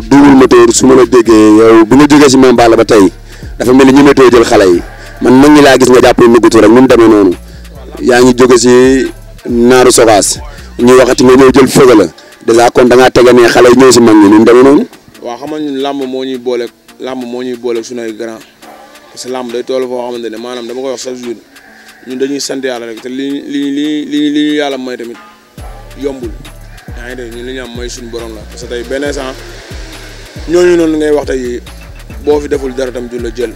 double moteur su la jegee yow bi nga jógee si Mame Balla ba tey dafa mel ni ñemetoo jël xale yi man mag laa gis nga jàpp nuggutu rek nu mu demee noonu yaa ngi jóge si naaru sogaas ñuy waxati nga ñëw jël fëga la dèjà kon da ngaa tege ne xale yi ñëw si mag ñi nu mu demee noonu. waaw xam nga ñun làmb moo ñuy boole làmb moo ñuy boole suñuy grand parce que làmb day toll foo xamante ne maanaam dama koy wax chaque jour ñun dañuy sant yàlla rek lii li li yàlla may tamit yombul yaa ngi dégg ñun ñu am may suñu borom la ñooñu noonu ngay wax tey boo fi deful dara tam du la jël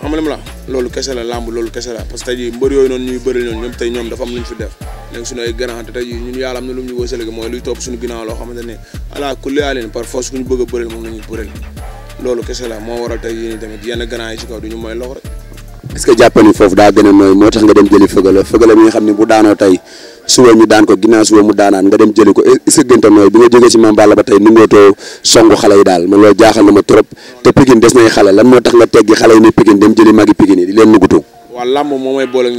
xam nga la loolu kese la làmb loolu kese la parce que tey jii mbër yooyu noonu ñuy bëri noonu ñoom tey ñoom dafa am am ne ala a bëreel moom la ñuy yi ci kaw du ñu mooy loxo rek. est-ce jàppani foofu daa gën a moo tax nga dem jëli fëgala fëgala mi nga xam ne bu daanoo tey suba ñu daan ko ginnaaw suba mu daanaan nga dem jëli ko est-ce que gënta nooy bi nga jógee ci Mame ba tey ni songu xale yi daal man loolu jaaxal na ma trop te Pikine des nay xale lan moom mooy boole ak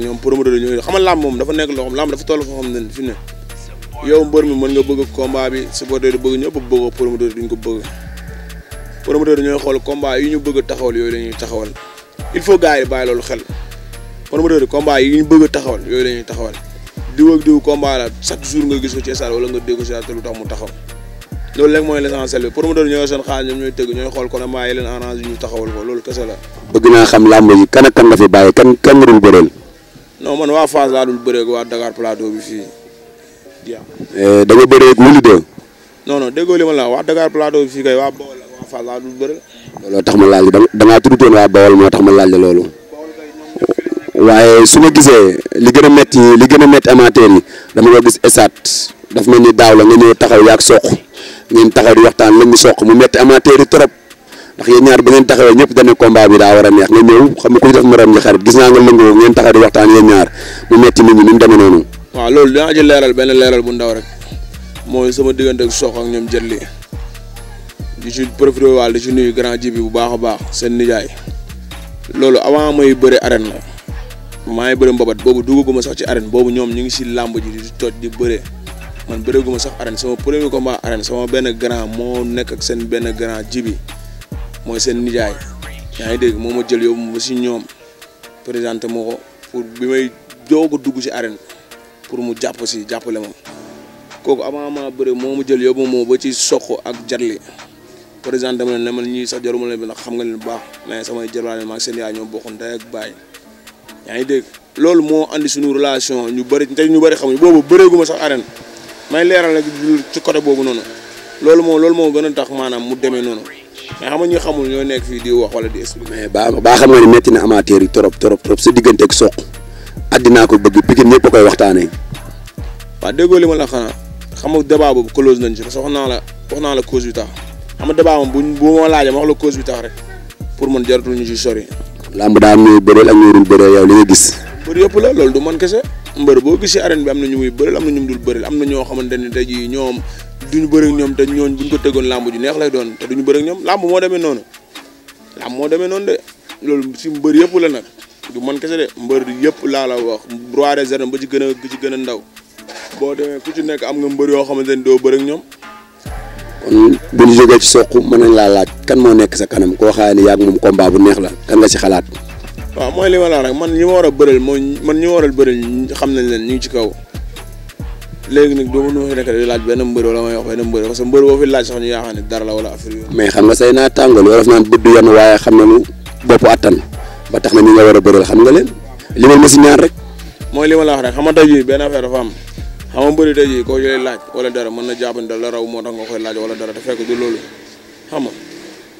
ñoom dafa nekk loo xam dafa toll foo ne fi yow mbër mi mën nga bëgg combat bi supporter du bëgg ñëpp bëgg promoteur duñ ko bëgg promoteur ñooy xool combat yi ñu bëgg taxawal yooyu lañuy taxawal il faut gars yi bàyyi promoteur yi combat yi ñu bëgg a taxawal yooyu la ñuy taxawal diw ak diw combat la chaque jour nga gis ko ci stade wala nga dégg ko ci lu tax mu taxaw loolu rek mooy l'essentiel bi promoteur yi ñoo seen xaalis ñoom ñooy tëgg ñooy xool kon maa yi leen arrange ñu taxawal ko loolu kese la. bëgg naa xam làmb yi kan ak kan nga fi bàyyi kan kan nga dul bëreel. non man waa Fass laa dul bëree ak waa Dakar Plateau bi fii diam. Eh, da nga bëree ak Wouly 2. non la wax Dakar Plateau bi fii kay waa Bawol ak waa Fass laa dul bëreel. tax ma laaj da tuddutoon waa Bawol moo tax ma laaj la loolu waye suñu gisé li gëna metti li gëna a amateur yi dama ko gis esat daf mel ni daaw la nga ñëw taxaw yaag soq ngeen taxaw di waxtaan lañu ñu mu métti amateur yi trop ndax yéen ñaar bu ngeen taxaw ñëpp dañu combat bi da wara neex ñu ñëw xam nga ku def maram ji xarit gis na nga lëngu ngeen taxaw di waxtaan yéen ñaar mu metti nit ñi ñu dama nonu wa lool da dinaa leral ben leral bu ndaw rek moy sama digënd ak soq ak ñom jëlli di ci profité wal di ci nuyu grand ji bu baaxa baax seen nijaay lolu avant may beure arène maa ngi bëri mbabat boobu duggaguma sax ci arène boobu ñoom ñu si làmb ji di toj di bëree man bëreeguma sax arène sama premier combat arène sama benn grand moo nekk ak seen benn grand jibi mooy seen nijaay yaa ngi dégg moo ma jël yóbbu ma si ñoom présenté ma pour bi may doog dugg si arène pour mu jàpp si jàppale ma kooku avant ma bëre moo ma jël yóbbu ma ba ci soq ak jarli présenté ma ne man ñii sax jaruma leen bi ndax xam nga baax mais samay jarwaale maa seen yaay ñoom bokkoon ndey ak baay yaa ngi dégg loolu moo andi suñu relation ñu bari te ñu bëri xamuñ boobu bëreeguma sax aren may leeral nag ci côté boobu noonu loolu moo loolu moo gën a tax maanaam mu demee noonu mais xam nga ñu xamul ñoo nekk fii di wax wala di expliquer. mais baa baa xam nga ne metti na amateur yi trop trop trop sa diggante ak soq addinaa ko bëgg Pikine ñëpp a koy waxtaanee. waaw déggoo li ma la xanaa xam nga débat boobu close nañ ci na que naa la wax naa la cause bi tax xam nga débat moom bu bu ma wax la cause bi tax re pour man jaratul ñu ci sori làmb daa am ñooy bëreel ak ñoo dul bëreel yow li gis. mbër yëpp la loolu du man kese mbër boo gis si arène bi am na ñu muy bëreel am na ñu mu dul bëreel am na ñoo xamante ne tey jii ñoom duñu bëreeg ñoom te ñooñ ñu ko tegoon làmb ju neex lay doon te duñu bëreeg ñoom làmb moo demee noonu làmb moo demee noonu de loolu si mbër yëpp la nag du man kese de mbër yëpp laa la wax roi des arènes ba ci gën a ci gën a ndaw boo demee ku ci nekk am nga mbër yoo xamante ne doo bëreeg ñoom kon bu ñu jógee ci soq mën nañ laa laaj kan moo nekk sa kanam ko xaay ne yàgg moom combat bu neex la kan nga ci xalaat. waaw mooy li ma la rek man ñi ma war a bëreel moo man ñi ma war a xam nañ leen ñu ngi ci kaw léegi nag doo ma fi nekk di laaj benn mbër wala may wax benn la wala affaire xam nga say naa tàngoor yoo xam na lu bopp attan ba na ñi nga war a bëreel xam nga leen li ma mës ñaan rek. mooy li ma la wax rek xam nga tey jii benn affaire dafa am xam nga mbëri tey jii koo laaj wala dara mën na jàpp ne dala raw moo tax nga koy laaj wala dara te fekk loolu xam nga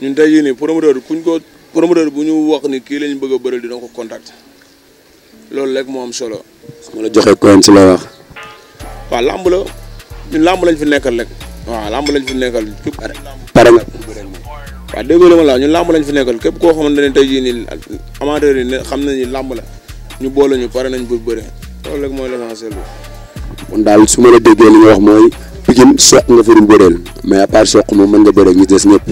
ñun tey jii nii promoteur kuñ ko promoteur bu ñu wax ni kii lañ bëgg a bëri dina loolu rek moo am solo. la joxee koom si la làmb la ñun làmb lañ fi nekkal rek. waaw làmb lañ fi nekkal. pare pare nga. la ma làmb lañ fi nekkal képp koo xamante ne tey jii nii amateur yi xam nañ ni làmb la ñu boole ñu pare nañ bu bëre loolu rek mooy l'essentiel bi. on dal su ma la déggee li nga wax moy Pikine soq nga farum bëreel mais à part soq mo mën nga bëre ñu dess ñëpp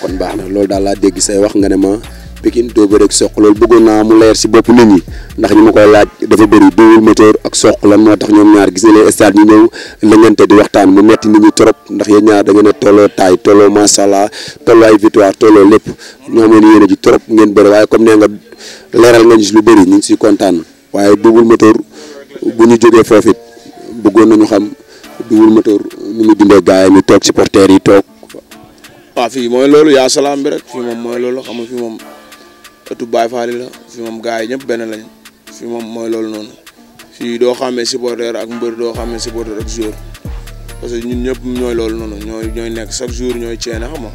kon baax na loolu daal laa dégg say wax nga ne ma Pikine do bëre ak soq loolu bëggoon naa mu leer ci bop nit ñi ndax ñu ko laaj dafa bëri Double Moteur ak soq lan mo tax ñom ñaar gis na leen stade ñu ñëw lëngante di waxtaan mu metti nit ñi trop ndax ya ñaar da nga ne tolo tay tolo ma sha allah tolo ay victoire tolo lepp ñom ñu yéen a ji trop ngeen bëri waye comme nee nga leral nga ci lu bëri ñu ci contane waye waaye Moteur bu ñu jógee foofu it bëggoon nañu xam Double Moteur nu mu dundee gaay mi toog supporters yi toog. waaw fii mooy loolu yaa salaam bi rek fii moom mooy loolu xam nga fii moom ëttu Baay Faal la moom gaay yi ñëpp benn lañ moom mooy loolu noonu fii doo xàmmee supporter ak mbër doo xàmmee supporter ak joueur parce que ñun ñëpp ñooy loolu noonu ñooy ñooy nekk chaque jour ñooy ceene xam nga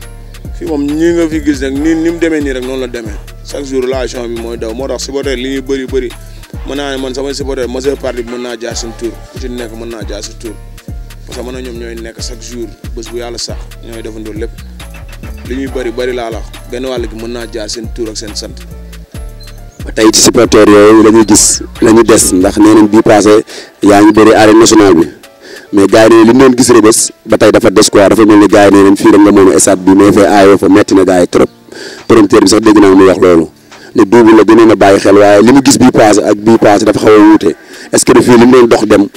fii moom ñii nga fi gis nag ni ni mu demee nii rek noonu la demee chaque jour la action bi mooy daw moo tax supporter li ñuy bëri bëri. mën naa ne man sama supporter majeure partie bi mën naa jaar seen tour ku ci nekk mën naa jaar sa tour parce que mën ñoom ñooy nekk chaque jour bés bu yàlla sax ñooy defandoo lépp li ñuy bëri bëri laa la benn wàll gi mën naa jaar seen tour ak seen sant. ba tey ci supporter yooyu la ñuy gis la des ndax nee nañ bii passé yaa ngi bëri arène nationale bi mais gars yi ne li ñu doon gis rëbës ba tey dafa des quoi dafa mel ni gars yi ne leen fii rek nga moom stade bi mais fee aayoo fa metti na gars yi trop promoteur bi sax dégg naa muy wax loolu. ne double la dinañ a bàyyi xel waaye li mu gis bii passé ak bii passé dafa xaw a wuute est-ce que li mu doon dox dem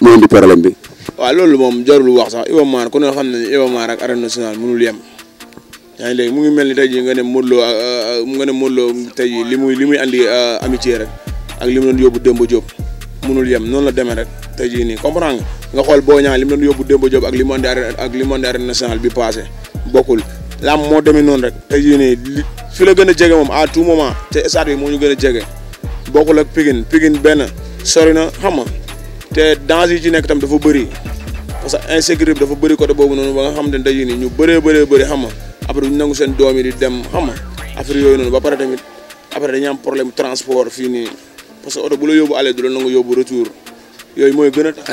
mu indi problème bi waaw loolu moom jarul wax sax Iba Mar ku ne xam ne Iba Mar ak arène nationale mënul yem yaa ngi léegi mu ngi mel ni tey jii nga ne Modou Lo euh, nga ne Modou Lo tey li muy li muy andi euh, amitié rek li mu doon yóbbu Demba Diop mënul yem noonu la demee rek tey jii nii comprendre nga xool boo Niang li mu doon yóbbu Demba Diop ak li mu andi ak li mu andi arène nationale bi passé bokkul lam moo demee noonu rek tey nii fi la gën a jege moom à tout moment te stade bi moo ñu gën a jege bokkul ak Pikine Pikine benn sori na xam nga te danger yi ci nekk tam dafa bëri parce que insécurité bi dafa bëri côté boobu noonu ba nga xam ne tey jii nii ñu bëree bëree bëri xam nga après seen doom yi di dem xam yooyu noonu ba pare tamit après dañuy am problème transport fii nii parce que oto bu la yóbbu aller du la nangu yóbbu retour yooyu mooy gën a